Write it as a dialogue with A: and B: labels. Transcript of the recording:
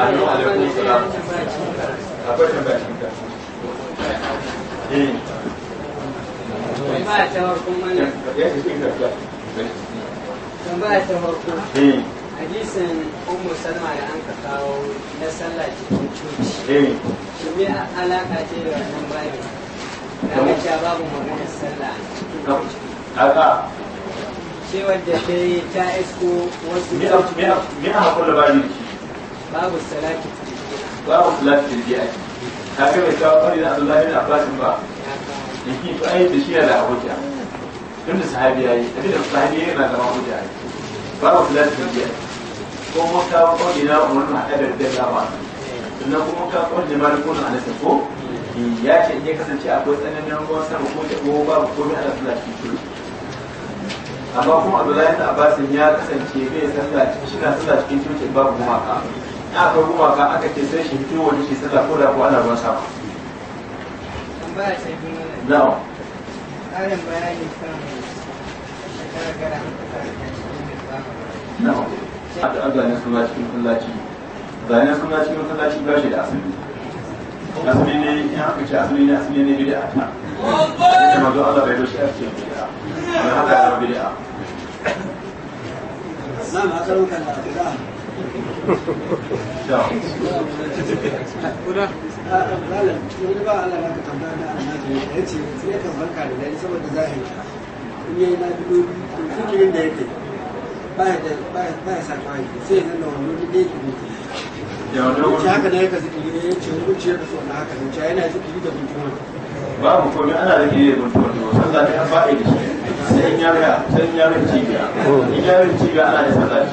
A: Amin alaikun salam. Akwai tambaya shi ka. Eh. Tambaya ta farko mana. Ya ce shi ka kawo na sallah alaka ce da babu maganar sallah cikin coci. ta isko wasu. babu salati babu salati bid'a Ta ga mai kawo fari da Abdullahi na Abbas ba yake to ai da shi da hujja tun da sahabi yi. abin da sahabi yayi na zama hujja babu da bid'a ko mu kawo fari na Umar bin Khattab da Allah sannan kuma ka kawo da malikun Anas ko ya ce in ya kasance akwai tsananin ruwan sama ko da ko babu komai ala salati bid'a amma kuma abdullahi na abbasin ya kasance bai sallah shi na sallah cikin coci babu gumaka a ka guma ka aka ce sai shi fito wani shi sallah ko da ko ana ruwan sama na'am ƙarin bayani kan shekara na'am a ga suna cikin kullaci zanen suna cikin masallaci ba shi da asali asali ne in aka ce asali ne asali ne bid'a ta da mazo Allah bai doshi ake bid'a amma haka ya bid'a nan a karukan da Kuna? Malam, wani ba Allah ka tambaya na alhaji ya ce sai kan barka da dai saboda zahiri. In yi na bidobi, to fikirin da yake ba ya ba ya sa kawai sai ya zanna wani wani da yake mutu. Wuce haka na yaka zikiri ya ce wani wuce ya kaso na haka wuce yana zikiri da mutuwa. Babu komai ana da ke yin mutuwa da wasan zafi an ba'a yi da shi. Sai in yare cibiya. In yare cibiya ana da sallah